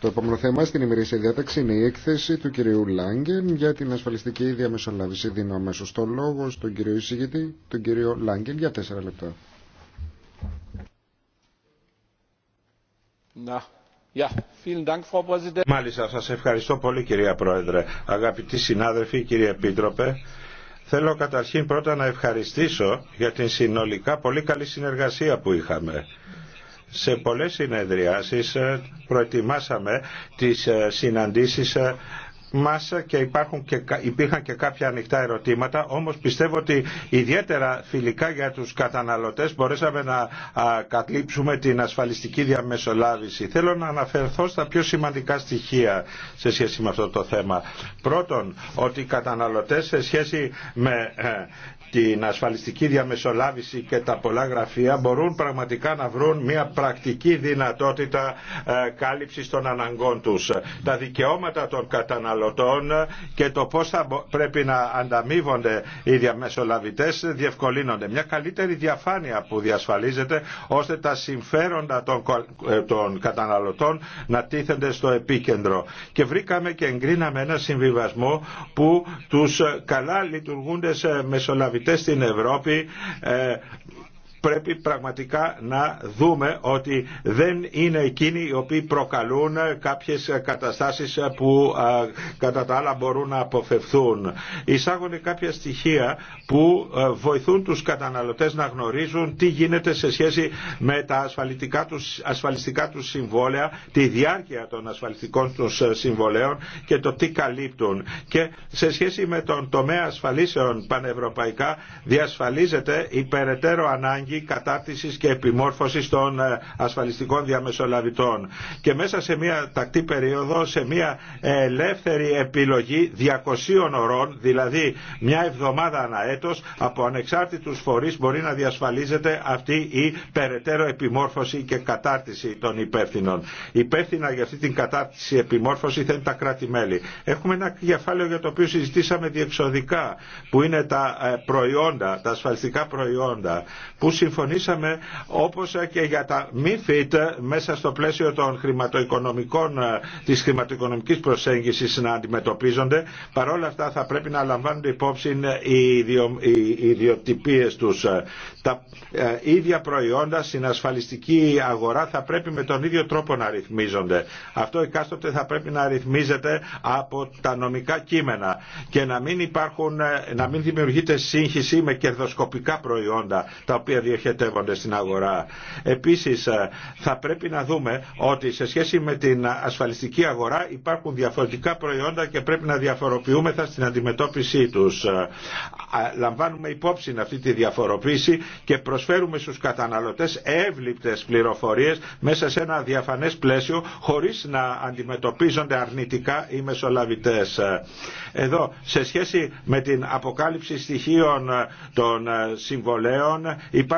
Το επόμενο θέμα στην ημερήσια διάταξη είναι η έκθεση του κυρίου Λάγκεν για την ασφαλιστική διαμεσολάβηση. Δίνω αμέσω το λόγο στον κύριο εισηγητή, τον κύριο Λάγκεν, για τέσσερα λεπτά. Να. Μάλιστα, σας ευχαριστώ πολύ κυρία Πρόεδρε. Αγαπητοί συνάδελφοι, κύριε Επίτροπε, θέλω καταρχήν πρώτα να ευχαριστήσω για την συνολικά πολύ καλή συνεργασία που είχαμε σε πολλές συνεδριάσεις ε, προετοιμάσαμε τις ε, συναντήσεις ε, μας και, υπάρχουν και υπήρχαν και κάποια ανοιχτά ερωτήματα, όμως πιστεύω ότι ιδιαίτερα φιλικά για τους καταναλωτές μπορέσαμε να κατλήψουμε την ασφαλιστική διαμεσολάβηση. Θέλω να αναφερθώ στα πιο σημαντικά στοιχεία σε σχέση με αυτό το θέμα. Πρώτον, ότι οι καταναλωτές σε σχέση με την ασφαλιστική διαμεσολάβηση και τα πολλά γραφεία μπορούν πραγματικά να βρουν μια πρακτική δυνατότητα ε, κάλυψης των αναγκών τους. Τα δικαιώματα των καταναλωτών και το πώς θα πρέπει να ανταμείβονται οι διαμεσολαβητές διευκολύνονται. Μια καλύτερη διαφάνεια που διασφαλίζεται ώστε τα συμφέροντα των ε, καταναλωτών να τίθενται στο επίκεντρο. Και βρήκαμε και εγκρίναμε ένα συμβιβασμό που τους ε, καλά λειτουργούντες μεσολαβητές πολίτες στην Ευρώπη πρέπει πραγματικά να δούμε ότι δεν είναι εκείνοι οι οποίοι προκαλούν κάποιες καταστάσεις που κατά τα άλλα μπορούν να αποφευθούν. Εισάγουν κάποια στοιχεία που βοηθούν τους καταναλωτές να γνωρίζουν τι γίνεται σε σχέση με τα ασφαλιστικά τους, ασφαλιστικά τους συμβόλαια, τη διάρκεια των ασφαλιστικών τους συμβολέων και το τι καλύπτουν. Και σε σχέση με τον τομέα ασφαλίσεων πανευρωπαϊκά διασφαλίζεται υπεραιτέρω ανάγκη κατάρτισης και επιμόρφωσης των ε, ασφαλιστικών διαμεσολαβητών. Και μέσα σε μια τακτή περίοδο, σε μια ελεύθερη επιλογή 200 ωρών, δηλαδή μια εβδομάδα ανά από ανεξάρτητους φορείς μπορεί να διασφαλίζεται αυτή η περαιτέρω επιμόρφωση και κατάρτιση των υπεύθυνων. Υπεύθυνα για αυτή την κατάρτιση επιμόρφωση θα είναι τα κράτη-μέλη. Έχουμε ένα κεφάλαιο για το οποίο συζητήσαμε διεξοδικά, που είναι τα ε, προϊόντα, τα ασφαλιστικά προϊόντα, που συμφωνήσαμε όπως και για τα MIFID μέσα στο πλαίσιο των χρηματοοικονομικών, ε, της χρηματοοικονομικής προσέγγισης να αντιμετωπίζονται. Παρόλα αυτά θα πρέπει να λαμβάνονται υπόψη ε, οι, ιδιο, οι τους. Ε. Τα ίδια προϊόντα στην ασφαλιστική αγορά θα πρέπει με τον ίδιο τρόπο να ρυθμίζονται. Αυτό εκάστοτε θα πρέπει να ρυθμίζεται από τα νομικά κείμενα και να μην, υπάρχουν, να μην δημιουργείται σύγχυση με κερδοσκοπικά προϊόντα τα οποία διοχετεύονται στην αγορά. Επίσης ε, θα πρέπει να δούμε ότι σε σχέση με την ασφαλιστική αγορά υπάρχουν διαφορετικά προϊόντα και πρέπει να διαφοροποιούμεθα στην αντιμετώπιση τους. Ε, λαμβάνουμε υπόψη αυτή τη διαφοροποίηση και προσφέρουμε στους καταναλωτές εύληπτες πληροφορίες μέσα σε ένα διαφανές πλαίσιο χωρίς να αντιμετωπίζονται αρνητικά οι μεσολαβητές. Ε, εδώ σε σχέση με την αποκάλυψη στοιχείων των συμβολέων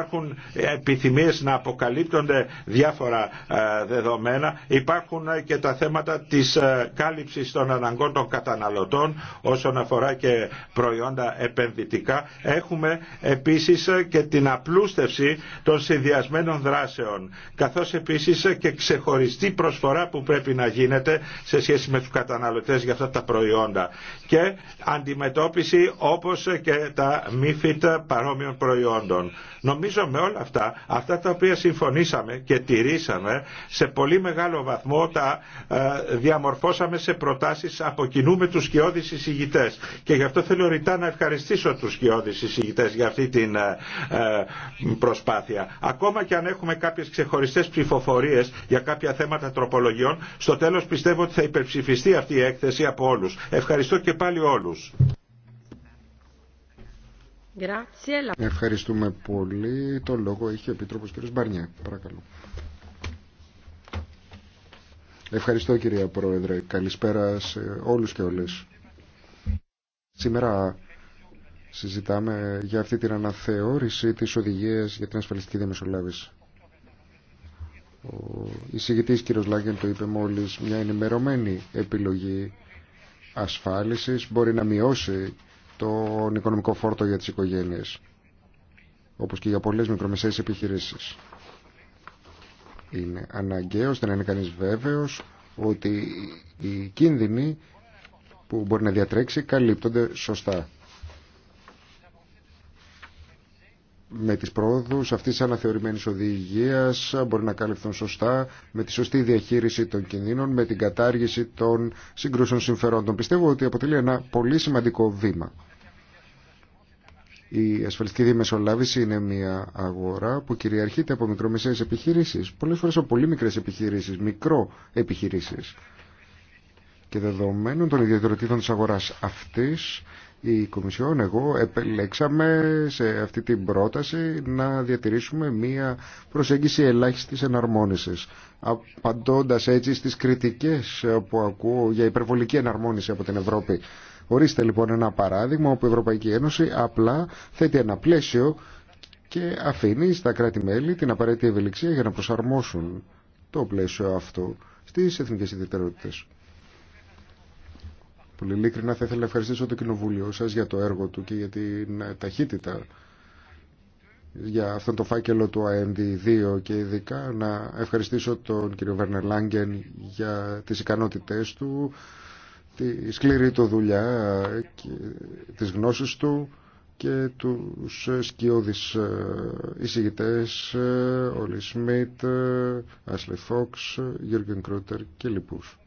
υπάρχουν επιθυμίες να αποκαλύπτονται διάφορα ε, δεδομένα, υπάρχουν ε, και τα θέματα της ε, κάλυψης των αναγκών των καταναλωτών όσον αφορά και προϊόντα επενδυτικά. Έχουμε επίσης και την απλούστευση των συνδυασμένων δράσεων, καθώς επίσης και ξεχωριστή προσφορά που πρέπει να γίνεται σε σχέση με τους καταναλωτές για αυτά τα προϊόντα και αντιμετώπιση όπως και τα μη παρόμοιων προϊόντων. Νομίζω με όλα αυτά, αυτά τα οποία συμφωνήσαμε και τηρήσαμε, σε πολύ μεγάλο βαθμό τα ε, διαμορφώσαμε σε προτάσεις από κοινού με τους σκιώδεις εισηγητές. Και γι' αυτό θέλω ρητά να ευχαριστήσω τους σκιώδεις εισηγητές για αυτή την ε, ε, προσπάθεια. Ακόμα και αν έχουμε κάποιες ξεχωριστές ψηφοφορίες για κάποια θέματα τροπολογιών, στο τέλος πιστεύω ότι θα υπερψηφιστεί αυτή η έκθεση από όλους. Ευχαριστώ και πάλι όλους. Ευχαριστούμε πολύ. Το λόγο έχει ο επίτροπο κ. Μπαρνιέ. Παρακαλώ. Ευχαριστώ κυρία Πρόεδρε. Καλησπέρα σε όλους και όλες. Σήμερα συζητάμε για αυτή την αναθεώρηση της οδηγίας για την ασφαλιστική διαμεσολάβηση. Ο εισηγητής κ. Λάγκεν το είπε μόλις μια ενημερωμένη επιλογή ασφάλισης μπορεί να μειώσει τον οικονομικό φόρτο για τις οικογένειες, όπως και για πολλές μικρομεσαίες επιχειρήσεις. Είναι αναγκαίο να είναι κανείς βέβαιος ότι οι κίνδυνοι που μπορεί να διατρέξει καλύπτονται σωστά. με τις πρόοδους αυτής της αναθεωρημένης οδηγίας μπορεί να καλυφθούν σωστά με τη σωστή διαχείριση των κινδύνων, με την κατάργηση των συγκρούσεων συμφερόντων. Πιστεύω ότι αποτελεί ένα πολύ σημαντικό βήμα. Η ασφαλιστική διαμεσολάβηση είναι μια αγορά που κυριαρχείται από μικρομεσαίες επιχειρήσεις, πολλές φορές από πολύ μικρές επιχειρήσεις, μικρό επιχειρήσεις. Και δεδομένων των ιδιαιτεροτήτων της αγοράς αυτής, η Κομισιόν, εγώ, επελέξαμε σε αυτή την πρόταση να διατηρήσουμε μία προσέγγιση ελάχιστης εναρμόνισης, απαντώντας έτσι στις κριτικές που ακούω για υπερβολική εναρμόνιση από την Ευρώπη. Ορίστε λοιπόν ένα παράδειγμα όπου η Ευρωπαϊκή Ένωση απλά θέτει ένα πλαίσιο και αφήνει στα κράτη-μέλη την απαραίτητη ευελιξία για να προσαρμόσουν το πλαίσιο αυτό στις εθνικές ιδιαιτερότητες. Πολύ ειλικρινά θα ήθελα να ευχαριστήσω το Κοινοβούλιο σας για το έργο του και για την ταχύτητα για αυτόν τον φάκελο του AMD2 και ειδικά να ευχαριστήσω τον κύριο Βέρνερ Λάγκεν για τις ικανότητές του τη σκληρή του δουλειά, και τις γνώσεις του και τους σκιώδεις ε, εισηγητές, ε, Όλοι Σμιτ, ε, Άσλε Φόξ, Γιώργιν Κρότερ και λοιπούς.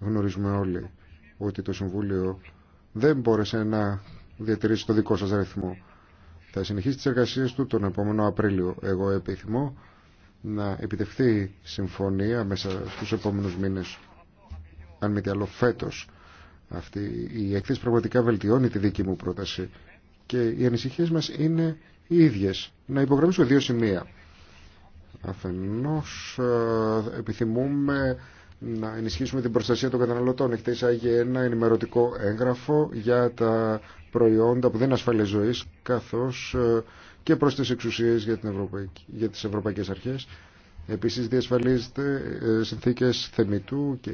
Γνωρίζουμε όλοι ότι το Συμβούλιο δεν μπόρεσε να διατηρήσει το δικό σας ρυθμό. Θα συνεχίσει τις εργασίες του τον επόμενο Απρίλιο. Εγώ επιθυμώ να επιτευχθεί συμφωνία μέσα στους επόμενους μήνες αν μη τι άλλο φέτος. Αυτή η εκθέση πραγματικά βελτιώνει τη δική μου πρόταση και οι ανησυχίες μας είναι οι ίδιες. Να υπογραμμίσω δύο σημεία. Αφενός ε, επιθυμούμε να ενισχύσουμε την προστασία των καταναλωτών. Έχετε άγει ένα ενημερωτικό έγγραφο για τα προϊόντα που δεν είναι ασφαλή ζωή, καθώς ε, και προς τις εξουσίε για, για τις ευρωπαϊκές αρχές Επίσης διασφαλίζεται ε, συνθήκες θεμητού και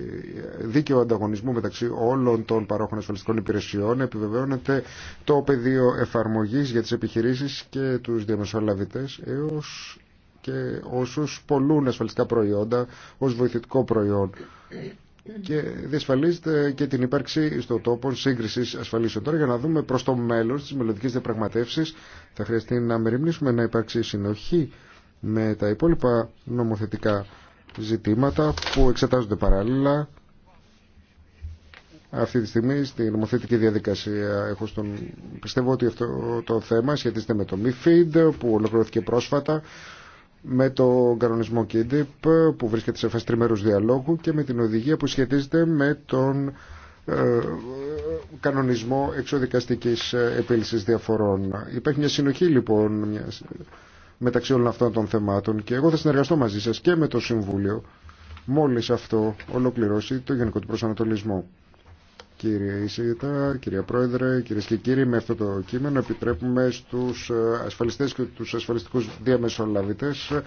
δίκαιο ανταγωνισμού μεταξύ όλων των παρόχων ασφαλιστικών υπηρεσιών. Επιβεβαιώνεται το πεδίο εφαρμογής για τις επιχειρήσεις και τους διαμεσολαβητές έως και όσους πολλούν ασφαλιστικά προϊόντα ως βοηθητικό προϊόν και διασφαλίζεται και την ύπαρξη τόπο σύγκριση ασφαλίσεων. Τώρα για να δούμε προς το μέλλον, στις μελλοντικές διαπραγματεύσεις, θα χρειαστεί να μεριμνήσουμε να υπάρξει συνοχή με τα υπόλοιπα νομοθετικά ζητήματα που εξετάζονται παράλληλα αυτή τη στιγμή στη νομοθετική διαδικασία. Έχω στον... Πιστεύω ότι αυτό το θέμα σχετίζεται με το MIFID που ολοκληρώθηκε πρόσφατα, με το κανονισμό KIDIP που βρίσκεται σε φάση διαλόγου και με την οδηγία που σχετίζεται με τον ε, κανονισμό εξοδικαστικής επίλυσης διαφορών. Υπάρχει μια συνοχή λοιπόν, μεταξύ όλων αυτών των θεμάτων και εγώ θα συνεργαστώ μαζί σας και με το Συμβούλιο μόλις αυτό ολοκληρώσει το Γενικό του Προσανατολισμό. Κύριε Ισίτα, κυρία Πρόεδρε, κυρίε και κύριοι, με αυτό το κείμενο επιτρέπουμε στους ασφαλιστές και τους ασφαλιστικούς διαμεσολαβητές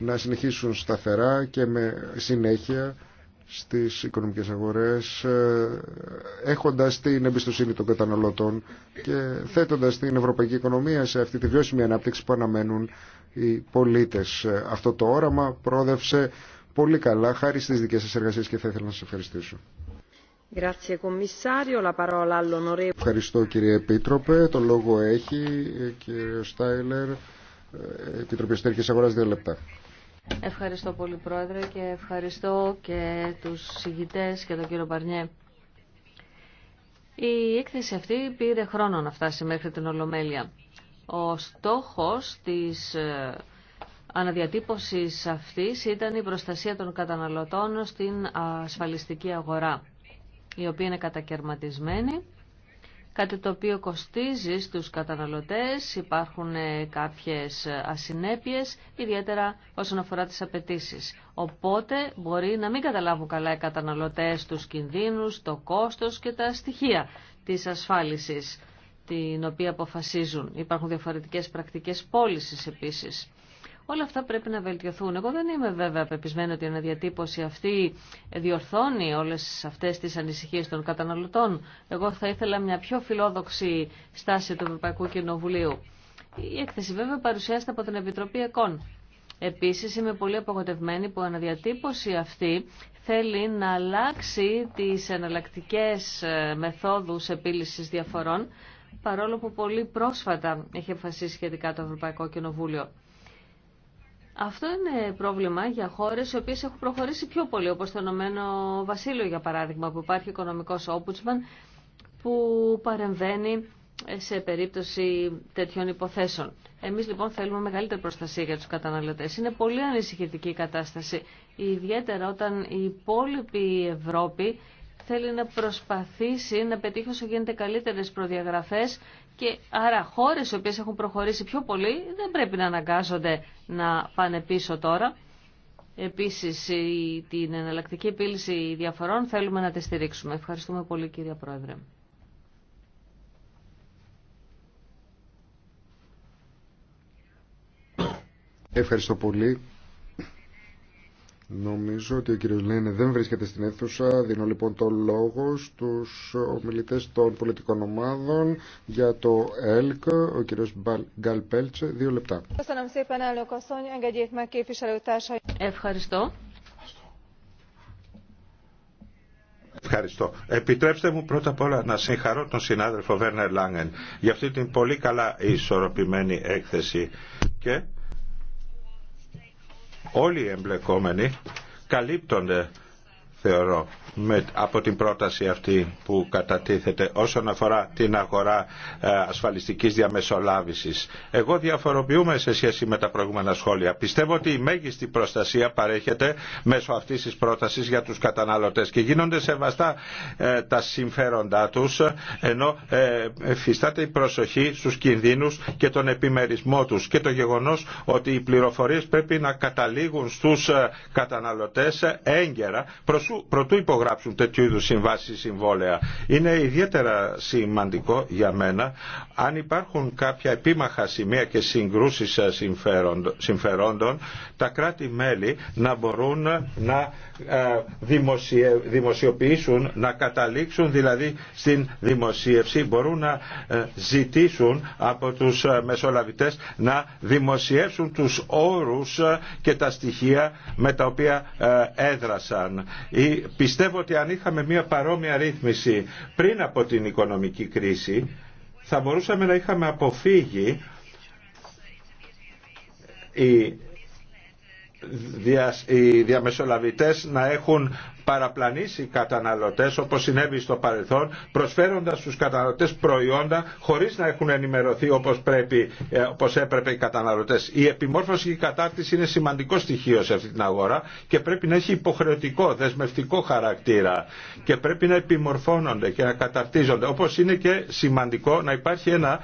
να συνεχίσουν σταθερά και με συνέχεια στις οικονομικές αγορές ε, έχοντας την εμπιστοσύνη των καταναλωτών και θέτοντας την ευρωπαϊκή οικονομία σε αυτή τη βιώσιμη ανάπτυξη που αναμένουν οι πολίτες. Ε, αυτό το όραμα πρόδευσε πολύ καλά χάρη στις δικές σας εργασίες και θα ήθελα να σας ευχαριστήσω. Ευχαριστώ κύριε Επίτροπε. Το λόγο έχει ε, κύριο Στάιλερ, Επιτροπή Στέρχης Αγοράς, δύο λεπτά. Ευχαριστώ πολύ Πρόεδρε και ευχαριστώ και τους συγητές και τον κύριο Μπαρνιέ. Η έκθεση αυτή πήρε χρόνο να φτάσει μέχρι την Ολομέλεια. Ο στόχος της ε, αναδιατύπωσης αυτής ήταν η προστασία των καταναλωτών στην ασφαλιστική αγορά, η οποία είναι κατακαιρματισμένη κάτι το οποίο κοστίζει στους καταναλωτές, υπάρχουν ε, κάποιες ασυνέπειες, ιδιαίτερα όσον αφορά τις απαιτήσει. Οπότε μπορεί να μην καταλάβουν καλά οι καταναλωτές τους κινδύνους, το κόστος και τα στοιχεία της ασφάλισης την οποία αποφασίζουν. Υπάρχουν διαφορετικές πρακτικές πώληση επίσης. Όλα αυτά πρέπει να βελτιωθούν. Εγώ δεν είμαι βέβαια πεπισμένη ότι η αναδιατύπωση αυτή διορθώνει όλε αυτέ τι ανησυχίε των καταναλωτών. Εγώ θα ήθελα μια πιο φιλόδοξη στάση του Ευρωπαϊκού Κοινοβουλίου. Η έκθεση βέβαια παρουσιάζεται από την Επιτροπή ΕΚΟΝ. Επίση, είμαι πολύ απογοητευμένη που η αναδιατύπωση αυτή θέλει να αλλάξει τι εναλλακτικέ ε, μεθόδου επίλυση διαφορών, παρόλο που πολύ πρόσφατα έχει εμφασίσει σχετικά το Ευρωπαϊκό Κοινοβούλιο. Αυτό είναι πρόβλημα για χώρε οι οποίε έχουν προχωρήσει πιο πολύ, όπω το Ηνωμένο Βασίλειο, για παράδειγμα, που υπάρχει οικονομικό όμπουτσμαν που παρεμβαίνει σε περίπτωση τέτοιων υποθέσεων. Εμείς λοιπόν θέλουμε μεγαλύτερη προστασία για τους καταναλωτές. Είναι πολύ ανησυχητική η κατάσταση, ιδιαίτερα όταν η υπόλοιπη Ευρώπη θέλει να προσπαθήσει να πετύχει όσο γίνεται καλύτερες προδιαγραφές και άρα χώρες οι οποίες έχουν προχωρήσει πιο πολύ δεν πρέπει να αναγκάζονται να πάνε πίσω τώρα. Επίσης την εναλλακτική επίλυση διαφορών θέλουμε να τη στηρίξουμε. Ευχαριστούμε πολύ κυρία Πρόεδρε. Ευχαριστώ πολύ. Νομίζω ότι ο κύριος Λένε δεν βρίσκεται στην αίθουσα. Δίνω λοιπόν το λόγο στους ομιλητές των πολιτικών ομάδων για το ΕΛΚ, ο κύριος Πέλτσε, δύο λεπτά. Ευχαριστώ. Ευχαριστώ. Επιτρέψτε μου πρώτα απ' όλα να συγχαρώ τον συνάδελφο Βέρνερ Λάγκεν για αυτή την πολύ καλά ισορροπημένη έκθεση και όλοι οι εμπλεκόμενοι καλύπτονται θεωρώ με, από την πρόταση αυτή που κατατίθεται όσον αφορά την αγορά ε, ασφαλιστικής διαμεσολάβησης. Εγώ διαφοροποιούμε σε σχέση με τα προηγούμενα σχόλια. Πιστεύω ότι η μέγιστη προστασία παρέχεται μέσω αυτής της πρότασης για τους καταναλωτές και γίνονται σεβαστά ε, τα συμφέροντά τους ενώ ε, φυστάται η προσοχή στους κινδύνους και τον επιμερισμό τους και το γεγονός ότι οι πληροφορίες πρέπει να καταλήγουν στους ε, καταναλωτές έγκαιρα προτού υπογράψουν τέτοιου είδους συμβάσεις συμβόλαια. Είναι ιδιαίτερα σημαντικό για μένα αν υπάρχουν κάποια επίμαχα σημεία και συγκρούσεις ε, συμφερόντων, τα κράτη-μέλη να μπορούν να ε, δημοσιοποιήσουν, να καταλήξουν δηλαδή στην δημοσίευση, μπορούν να ε, ζητήσουν από τους ε, μεσολαβητές να δημοσιεύσουν τους όρους και τα στοιχεία με τα οποία έδρασαν. Πιστεύω ότι αν είχαμε μια παρόμοια ρύθμιση πριν από την οικονομική κρίση, θα μπορούσαμε να είχαμε αποφύγει η οι διαμεσολαβητές να έχουν παραπλανήσει καταναλωτές όπως συνέβη στο παρελθόν προσφέροντας στους καταναλωτές προϊόντα χωρίς να έχουν ενημερωθεί όπως, πρέπει, ε, όπως έπρεπε οι καταναλωτές. Η επιμόρφωση και η κατάρτιση είναι σημαντικό στοιχείο σε αυτή την αγορά και πρέπει να έχει υποχρεωτικό, δεσμευτικό χαρακτήρα και πρέπει να επιμορφώνονται και να καταρτίζονται όπως είναι και σημαντικό να υπάρχει ένα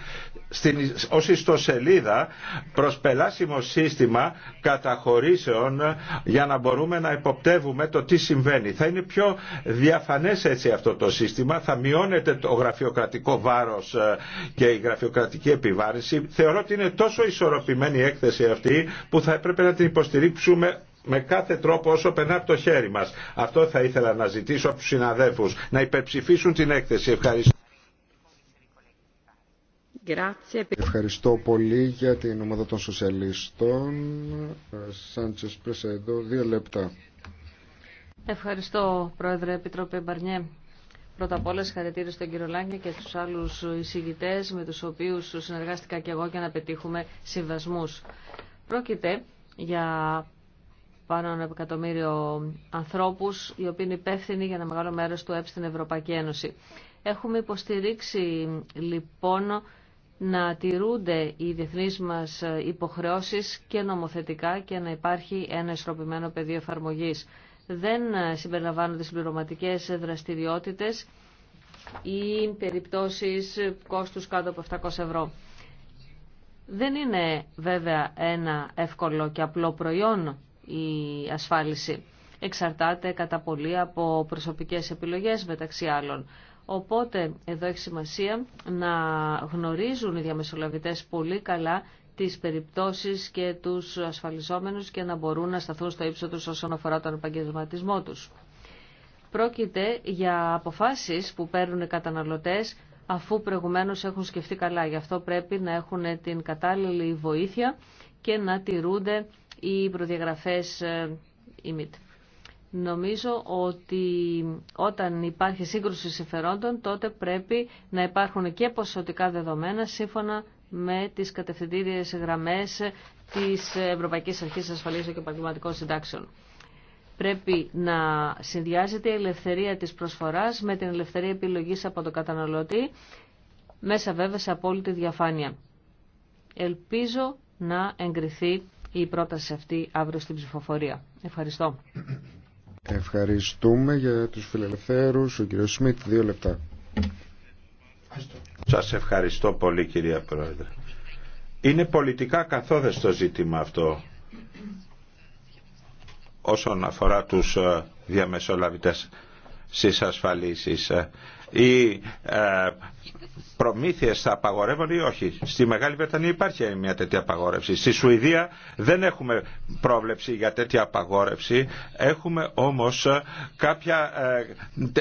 στην, ως ιστοσελίδα προσπελάσιμο σύστημα καταχωρήσεων για να μπορούμε να εποπτεύουμε το τι συμβαίνει. Θα είναι πιο διαφανές έτσι αυτό το σύστημα, θα μειώνεται το γραφειοκρατικό βάρος ε, και η γραφειοκρατική επιβάρηση. Θεωρώ ότι είναι τόσο ισορροπημένη η έκθεση αυτή που θα έπρεπε να την υποστηρίξουμε με κάθε τρόπο όσο περνά από το χέρι μας. Αυτό θα ήθελα να ζητήσω από τους συναδέλφους, να υπερψηφίσουν την έκθεση. Ευχαριστώ. Ευχαριστώ πολύ για την ομάδα των σοσιαλιστών. Ε, Σάντσες Πρεσέντο, δύο λεπτά. Ευχαριστώ, Πρόεδρε Επιτροπή Μπαρνιέ. Πρώτα απ' όλα, συγχαρητήρια στον κύριο Λάγκη και του άλλους εισηγητέ με τους οποίους συνεργάστηκα και εγώ για να πετύχουμε συμβασμού. Πρόκειται για πάνω από ένα εκατομμύριο ανθρώπους, οι οποίοι είναι υπεύθυνοι για ένα μεγάλο μέρος του ΕΠ στην Ευρωπαϊκή Ένωση. Έχουμε υποστηρίξει, λοιπόν, να τηρούνται οι διεθνείς μας υποχρεώσεις και νομοθετικά και να υπάρχει ένα ισορροπημένο πεδίο εφαρμογής. Δεν συμπεριλαμβάνονται συμπληρωματικές δραστηριότητες ή περιπτώσεις κόστους κάτω από 700 ευρώ. Δεν είναι βέβαια ένα εύκολο και απλό προϊόν η ασφάλιση. Εξαρτάται κατά πολύ από προσωπικές επιλογές μεταξύ άλλων. Οπότε εδώ έχει σημασία να γνωρίζουν οι διαμεσολαβητές πολύ καλά τις περιπτώσεις και τους ασφαλισόμενους και να μπορούν να σταθούν στο ύψο τους όσον αφορά τον επαγγελματισμό τους. Πρόκειται για αποφάσεις που παίρνουν οι καταναλωτές αφού προηγουμένως έχουν σκεφτεί καλά. Γι' αυτό πρέπει να έχουν την κατάλληλη βοήθεια και να τηρούνται οι προδιαγραφές ε, ημιτ. Νομίζω ότι όταν υπάρχει σύγκρουση συμφερόντων, τότε πρέπει να υπάρχουν και ποσοτικά δεδομένα σύμφωνα με τις κατευθυντήριες γραμμές της Ευρωπαϊκής Αρχής Ασφαλείας και Επαγγελματικών Συντάξεων. Πρέπει να συνδυάζεται η ελευθερία της προσφοράς με την ελευθερία επιλογής από τον καταναλωτή, μέσα βέβαια σε απόλυτη διαφάνεια. Ελπίζω να εγκριθεί η πρόταση αυτή αύριο στην ψηφοφορία. Ευχαριστώ. Ευχαριστούμε για τους φιλελευθέρους. Ο κύριος Σμιτ, δύο λεπτά. Σας ευχαριστώ πολύ κυρία Πρόεδρε. Είναι πολιτικά καθόδες το ζήτημα αυτό όσον αφορά τους ε, διαμεσολαβητές στις ασφαλίσεις ε, οι ε, προμήθειες θα απαγορεύουν ή όχι. Στη Μεγάλη Βρετανία υπάρχει μια τέτοια απαγόρευση. Στη Σουηδία δεν έχουμε πρόβλεψη για τέτοια απαγόρευση. Έχουμε όμως ε, κάποια,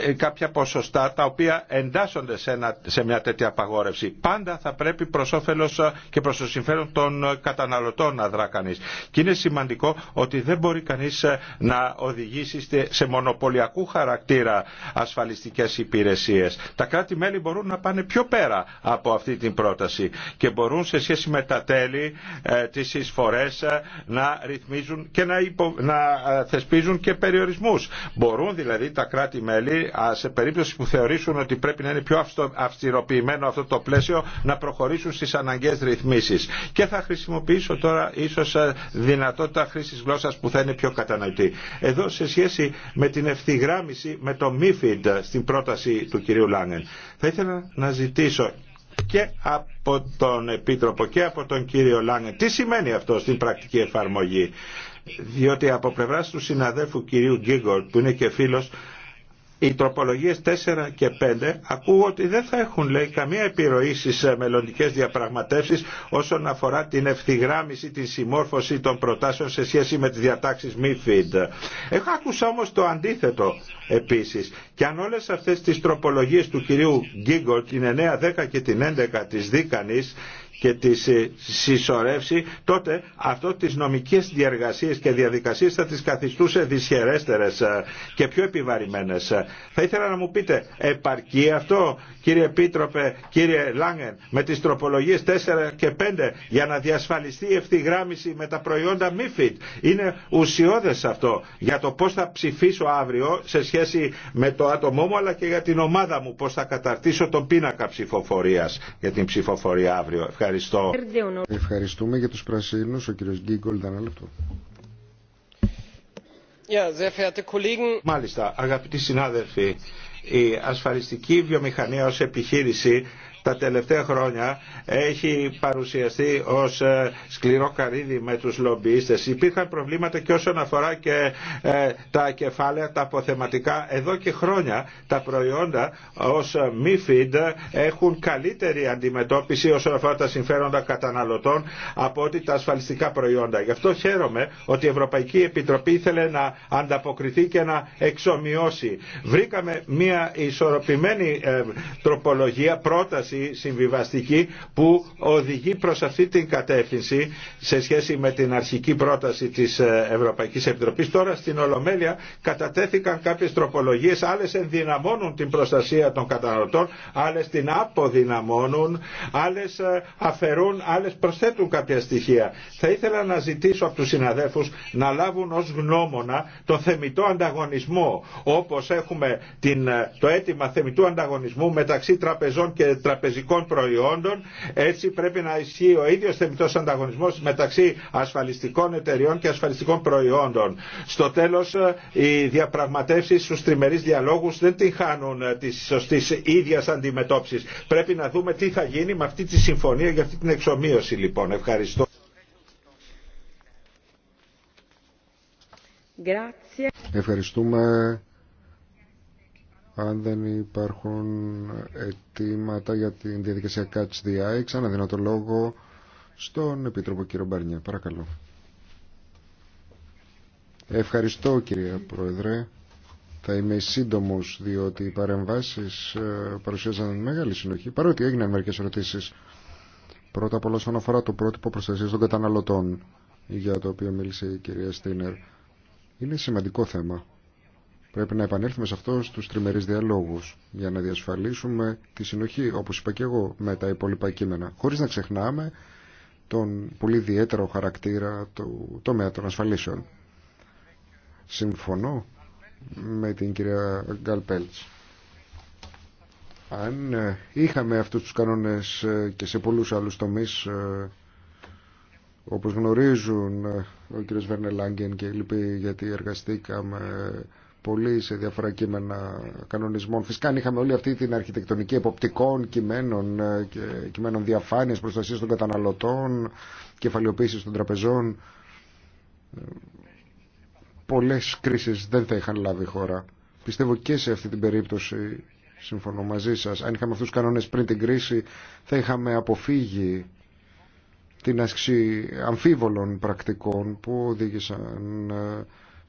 ε, κάποια ποσοστά τα οποία εντάσσονται σε, ένα, σε μια τέτοια απαγόρευση. Πάντα θα πρέπει προς όφελος και προς το συμφέρον των καταναλωτών να δρά κανείς. Και είναι σημαντικό ότι δεν μπορεί κανείς να οδηγήσει σε μονοπωλιακού χαρακτήρα ασφαλιστικές υπηρεσίε. Τα κράτη-μέλη μπορούν να πάνε πιο πέρα από αυτή την πρόταση και μπορούν σε σχέση με τα τέλη, ε, εισφορέ εισφορές, ε, να ρυθμίζουν και να, να ε, θεσπίζουν και περιορισμού. Μπορούν δηλαδή τα κράτη-μέλη, σε περίπτωση που θεωρήσουν ότι πρέπει να είναι πιο αυστηροποιημένο αυτό το πλαίσιο, να προχωρήσουν στι αναγκαίε ρυθμίσει. Και θα χρησιμοποιήσω τώρα ίσως ε, δυνατότητα χρήση γλώσσα που θα είναι πιο κατανοητή. Εδώ σε σχέση με την ευθυγράμμιση με το MIFID στην πρόταση του κ κυρίου Λάγκεν. Θα ήθελα να ζητήσω και από τον Επίτροπο και από τον κύριο Λάγκεν τι σημαίνει αυτό στην πρακτική εφαρμογή διότι από πλευρά του συναδέλφου κυρίου Γκίγκολτ που είναι και φίλος οι τροπολογίες 4 και 5 ακούω ότι δεν θα έχουν λέει καμία επιρροή στις ε, μελλοντικές διαπραγματεύσεις όσον αφορά την ευθυγράμμιση, την συμμόρφωση των προτάσεων σε σχέση με τις διατάξεις MIFID. Έχω ακούσει όμως το αντίθετο επίσης. Και αν όλες αυτές τις τροπολογίες του κυρίου Γκίγκολ, την 9, 10 και την 11 της Δίκανης και τη ε, συσσωρεύσει, τότε αυτό τις νομικές διεργασίες και διαδικασίες θα τις καθιστούσε δυσχερέστερες ε, και πιο επιβαρημένες. Ε, θα ήθελα να μου πείτε, επαρκεί αυτό κύριε Επίτροπε, κύριε Λάγεν, με τις τροπολογίες 4 και 5 για να διασφαλιστεί η ευθυγράμμιση με τα προϊόντα MIFID. Είναι ουσιώδες αυτό για το πώς θα ψηφίσω αύριο σε σχέση με το άτομό μου αλλά και για την ομάδα μου πώς θα καταρτήσω τον πίνακα ψηφοφορίας για την ψηφοφορία αύριο. Ευχαριστώ. Ευχαριστούμε για τους πρασίνους. Ο κύριος Γκίγκολ, ήταν λεπτό. Μάλιστα, αγαπητοί συνάδελφοι, η ασφαλιστική βιομηχανία ως επιχείρηση τα τελευταία χρόνια έχει παρουσιαστεί ως ε, σκληρό καρύδι με τους λομπιίστες. Υπήρχαν προβλήματα και όσον αφορά και ε, τα κεφάλαια, τα αποθεματικά. Εδώ και χρόνια τα προϊόντα ως MIFID ε, έχουν καλύτερη αντιμετώπιση όσον αφορά τα συμφέροντα καταναλωτών από ότι τα ασφαλιστικά προϊόντα. Γι' αυτό χαίρομαι ότι η Ευρωπαϊκή Επιτροπή ήθελε να ανταποκριθεί και να εξομοιώσει. Βρήκαμε μια ισορροπημένη τροπολογία, πρόταση σχέση συμβιβαστική που οδηγεί προς αυτή την κατεύθυνση σε σχέση με την αρχική πρόταση της ε, Ευρωπαϊκής Επιτροπής. Τώρα στην Ολομέλεια κατατέθηκαν κάποιες τροπολογίες, άλλες ενδυναμώνουν την προστασία των καταναλωτών, άλλες την αποδυναμώνουν, άλλες ε, αφαιρούν, άλλες προσθέτουν κάποια στοιχεία. Θα ήθελα να ζητήσω από τους συναδέλφους να λάβουν ως γνώμονα τον θεμητό ανταγωνισμό, όπως έχουμε την, ε, το αίτημα θεμητού ανταγωνισμού μεταξύ τραπεζών και τραπεζών τραπεζικών προϊόντων. Έτσι πρέπει να ισχύει ο ίδιο θεμητό ανταγωνισμό μεταξύ ασφαλιστικών εταιριών και ασφαλιστικών προϊόντων. Στο τέλο, ε, οι διαπραγματεύσει στου τριμερεί διαλόγου δεν την χάνουν ε, τη σωστή ίδια αντιμετώπιση. Πρέπει να δούμε τι θα γίνει με αυτή τη συμφωνία για αυτή την εξομοίωση λοιπόν. Ευχαριστώ. Ευχαριστούμε αν δεν υπάρχουν αιτήματα για την διαδικασία Catch the Eye, ξαναδίνω το λόγο στον Επίτροπο κύριο Μπαρνιέ. Παρακαλώ. Ευχαριστώ κύριε Πρόεδρε. Θα είμαι σύντομο διότι οι παρεμβάσει ε, παρουσίαζαν μεγάλη συνοχή, παρότι έγιναν μερικέ ερωτήσει. Πρώτα απ' όλα, όσον αφορά το πρότυπο προστασία των καταναλωτών, για το οποίο μίλησε η κυρία Στίνερ, είναι σημαντικό θέμα. Πρέπει να επανέλθουμε σε αυτό στους τριμερείς διαλόγους για να διασφαλίσουμε τη συνοχή, όπως είπα και εγώ, με τα υπόλοιπα κείμενα, χωρίς να ξεχνάμε τον πολύ ιδιαίτερο χαρακτήρα του τομέα των ασφαλίσεων. Συμφωνώ με την κυρία Γκαλπέλτς. Αν ε, είχαμε αυτούς τους κανόνες ε, και σε πολλούς άλλους τομείς, ε, όπως γνωρίζουν ο κ. Λάγκεν και οι λοιποί, γιατί εργαστήκαμε πολύ σε διάφορα κείμενα κανονισμών. Φυσικά αν είχαμε όλη αυτή την αρχιτεκτονική εποπτικών κειμένων ε, και κειμένων διαφάνειας, προστασίας των καταναλωτών, κεφαλαιοποίηση των τραπεζών, ε, πολλές κρίσεις δεν θα είχαν λάβει η χώρα. Πιστεύω και σε αυτή την περίπτωση, συμφωνώ μαζί σας, αν είχαμε αυτούς τους κανόνες πριν την κρίση, θα είχαμε αποφύγει την ασκή αμφίβολων πρακτικών που οδήγησαν ε,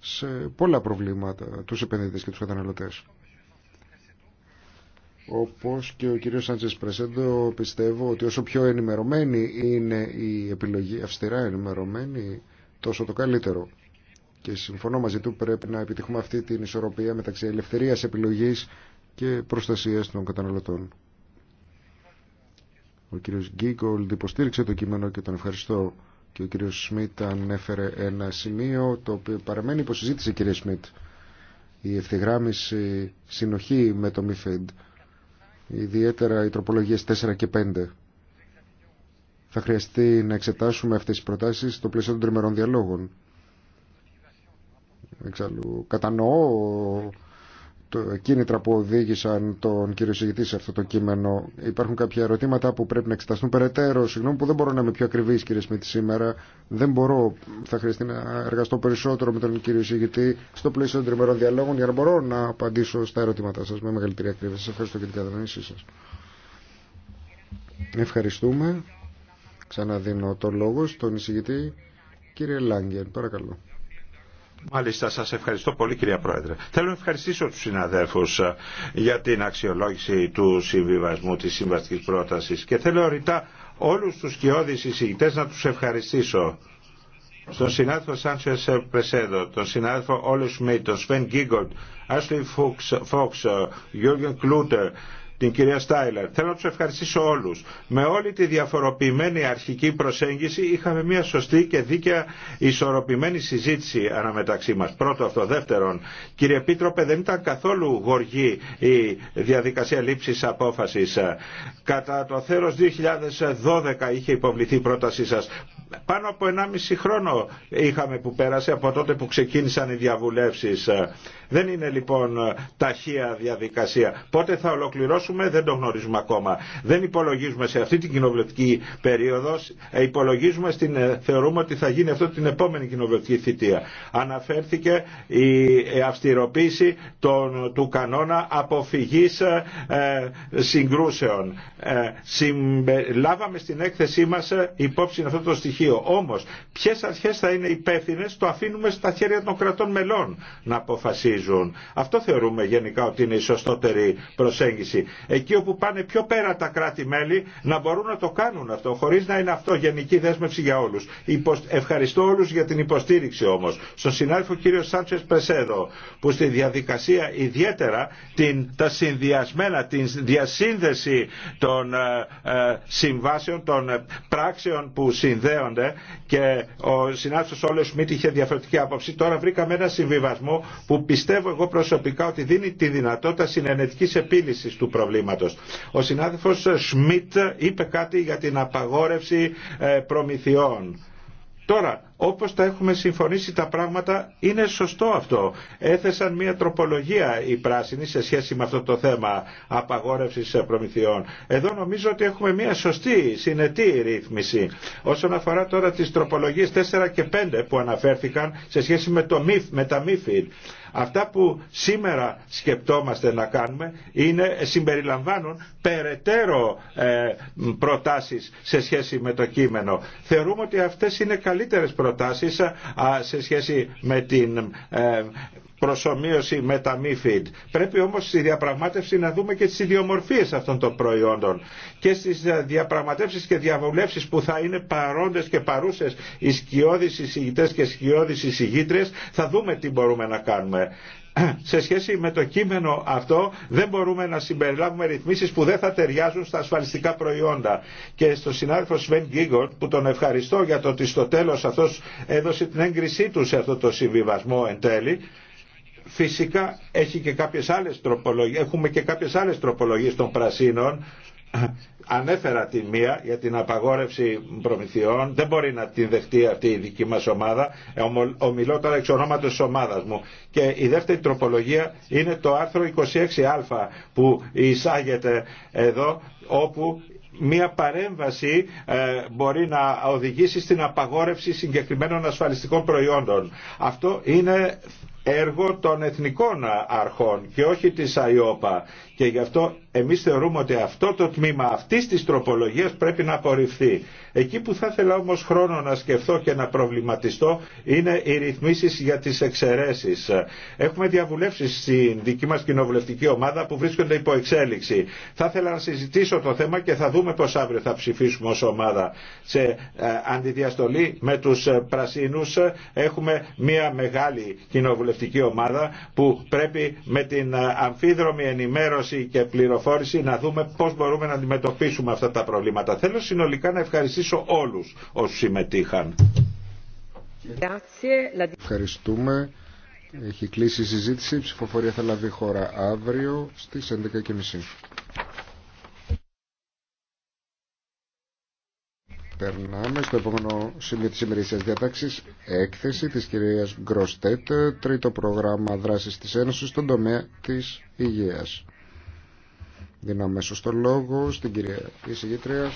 σε πολλά προβλήματα τους επενδυτές και τους καταναλωτές. Όπως και ο κύριος Σάντζες Πρεσέντο πιστεύω ότι όσο πιο ενημερωμένη είναι η επιλογή, αυστηρά ενημερωμένη, τόσο το καλύτερο. Και συμφωνώ μαζί του πρέπει να επιτυχούμε αυτή την ισορροπία μεταξύ ελευθερίας επιλογής και προστασίας των καταναλωτών. Ο κύριος Γκίκολντ υποστήριξε το κείμενο και τον ευχαριστώ και ο κύριος Σμιτ ανέφερε ένα σημείο το οποίο παραμένει υποσυζήτηση κύριε Σμιτ η ευθυγράμμιση συνοχή με το ΜΥΦΕΔ ιδιαίτερα οι τροπολογίες 4 και 5 θα χρειαστεί να εξετάσουμε αυτές τις προτάσεις στο πλαίσιο των τριμερών διαλόγων Εξάλλου κατανοώ κίνητρα που οδήγησαν τον κύριο Συγητή σε αυτό το κείμενο. Υπάρχουν κάποια ερωτήματα που πρέπει να εξεταστούν περαιτέρω. Συγγνώμη που δεν μπορώ να είμαι πιο ακριβή, κύριε Σμίτη, σήμερα. Δεν μπορώ, θα χρειαστεί να εργαστώ περισσότερο με τον κύριο Συγητή στο πλαίσιο των τριμερών διαλόγων για να μπορώ να απαντήσω στα ερωτήματά σα με μεγαλύτερη ακρίβεια. Σα ευχαριστώ και την κατανόησή σα. Ευχαριστούμε. Ξαναδίνω το λόγο στον εισηγητή. Κύριε Λάγκεν, παρακαλώ. Μάλιστα, σας ευχαριστώ πολύ κυρία Πρόεδρε. Θέλω να ευχαριστήσω τους συναδέλφους ε, για την αξιολόγηση του συμβιβασμού της συμβαστικής πρότασης και θέλω ρητά όλους τους κοιόδης εισηγητές να τους ευχαριστήσω. Στον συνάδελφο Σάντσες Πρεσέδο, τον συνάδελφο Όλε Σμιτ, τον Σβέν Άσλι Φόξ, Γιώργιο Κλούτερ, την κυρία Στάιλερ. Θέλω να του ευχαριστήσω όλους. Με όλη τη διαφοροποιημένη αρχική προσέγγιση είχαμε μια σωστή και δίκαια ισορροπημένη συζήτηση αναμεταξύ μας. Πρώτο αυτό. Δεύτερον, κύριε Επίτροπε, δεν ήταν καθόλου γοργή η διαδικασία λήψης απόφασης. Κατά το θέρο 2012 είχε υποβληθεί η πρότασή σα πάνω από 1,5 χρόνο είχαμε που πέρασε από τότε που ξεκίνησαν οι διαβουλεύσεις. Δεν είναι λοιπόν ταχεία διαδικασία. Πότε θα ολοκληρώσουμε δεν το γνωρίζουμε ακόμα. Δεν υπολογίζουμε σε αυτή την κοινοβουλευτική περίοδο, ε, υπολογίζουμε στην, ε, θεωρούμε ότι θα γίνει αυτό την επόμενη κοινοβουλευτική θητεία. Αναφέρθηκε η ε, αυστηροποίηση των, του κανόνα αποφυγής ε, συγκρούσεων. Ε, λάβαμε στην έκθεσή μας υπόψη αυτό το στοιχείο στοιχείο. Όμως, ποιες αρχές θα είναι υπεύθυνε το αφήνουμε στα χέρια των κρατών μελών να αποφασίζουν. Αυτό θεωρούμε γενικά ότι είναι η σωστότερη προσέγγιση. Εκεί όπου πάνε πιο πέρα τα κράτη-μέλη να μπορούν να το κάνουν αυτό, χωρίς να είναι αυτό γενική δέσμευση για όλους. Ευχαριστώ όλους για την υποστήριξη όμως. Στον συνάδελφο κύριο Σάντσες Πεσέδο που στη διαδικασία ιδιαίτερα την, τα συνδυασμένα, την διασύνδεση των ε, ε συμβάσεων, των ε, πράξεων που συνδέουν και ο συνάδελφος Όλε Σμιτ είχε διαφορετική άποψη. Τώρα βρήκαμε ένα συμβιβασμό που πιστεύω εγώ προσωπικά ότι δίνει τη δυνατότητα συνενετικη επίλυση του προβλήματο. Ο συνάδελφος Σμιτ είπε κάτι για την απαγόρευση ε, προμηθειών. Τώρα, όπως τα έχουμε συμφωνήσει τα πράγματα είναι σωστό αυτό. Έθεσαν μια τροπολογία οι πράσινοι σε σχέση με αυτό το θέμα απαγόρευσης προμηθειών. Εδώ νομίζω ότι έχουμε μια σωστή συνετή ρύθμιση. Όσον αφορά τώρα τις τροπολογίες 4 και 5 που αναφέρθηκαν σε σχέση με, το, με τα Μύφιλ. Αυτά που σήμερα σκεπτόμαστε να κάνουμε είναι συμπεριλαμβάνουν περαιτέρω ε, προτάσεις σε σχέση με το κείμενο. Θεωρούμε ότι αυτές είναι καλύτερες προτάσεις σε σχέση με την ε, προσωμείωση με τα MIFID. Πρέπει όμως στη διαπραγμάτευση να δούμε και τις ιδιομορφίες αυτών των προϊόντων και στις ε, διαπραγματεύσει και διαβουλεύσεις που θα είναι παρόντες και παρούσες οι σκιώδεις εισηγητές και σκιώδεις εισηγήτρες θα δούμε τι μπορούμε να κάνουμε σε σχέση με το κείμενο αυτό δεν μπορούμε να συμπεριλάβουμε ρυθμίσεις που δεν θα ταιριάζουν στα ασφαλιστικά προϊόντα. Και στο συνάδελφο Σβέν Γκίγκορτ που τον ευχαριστώ για το ότι στο τέλος αυτός έδωσε την έγκρισή του σε αυτό το συμβιβασμό εν τέλει Φυσικά έχει και κάποιες άλλες τροπολογίες, έχουμε και κάποιες άλλες τροπολογίες των πρασίνων ανέφερα τη μία για την απαγόρευση προμηθειών δεν μπορεί να την δεχτεί αυτή η δική μας ομάδα ομιλώ τώρα εξ ονόματος της ομάδας μου και η δεύτερη τροπολογία είναι το άρθρο 26α που εισάγεται εδώ όπου μια παρέμβαση ε, μπορεί να οδηγήσει στην απαγόρευση συγκεκριμένων ασφαλιστικών προϊόντων. Αυτό είναι έργο των εθνικών αρχών και όχι της ΑΙΟΠΑ. Και γι' αυτό εμείς θεωρούμε ότι αυτό το τμήμα αυτής της τροπολογίας πρέπει να απορριφθεί. Εκεί που θα ήθελα όμως χρόνο να σκεφτώ και να προβληματιστώ είναι οι ρυθμίσεις για τις εξαιρέσεις. Έχουμε διαβουλεύσει στην δική μας κοινοβουλευτική ομάδα που βρίσκονται υπό εξέλιξη. Θα ήθελα να συζητήσω το θέμα και θα δούμε πως αύριο θα ψηφίσουμε ως ομάδα. Σε ε, αντιδιαστολή με τους ε, πρασίνους ε, έχουμε μια μεγάλη κοινοβουλευτική κοινοβουλευτική ομάδα που πρέπει με την ε, αμφίδρομη ενημέρωση και πληροφόρηση να δούμε πώς μπορούμε να αντιμετωπίσουμε αυτά τα προβλήματα. Θέλω συνολικά να ευχαριστήσω όλους όσους συμμετείχαν. Ευχαριστούμε. Έχει κλείσει η συζήτηση. Η ψηφοφορία θα λάβει χώρα αύριο στις 11.30. Περνάμε στο επόμενο σημείο της ημερήσιας διατάξης έκθεση της κυρίας Γκροστέτ, τρίτο πρόγραμμα δράσης της Ένωσης στον τομέα της υγείας. Δίνω αμέσως το λόγο στην κυρία εισηγήτρια.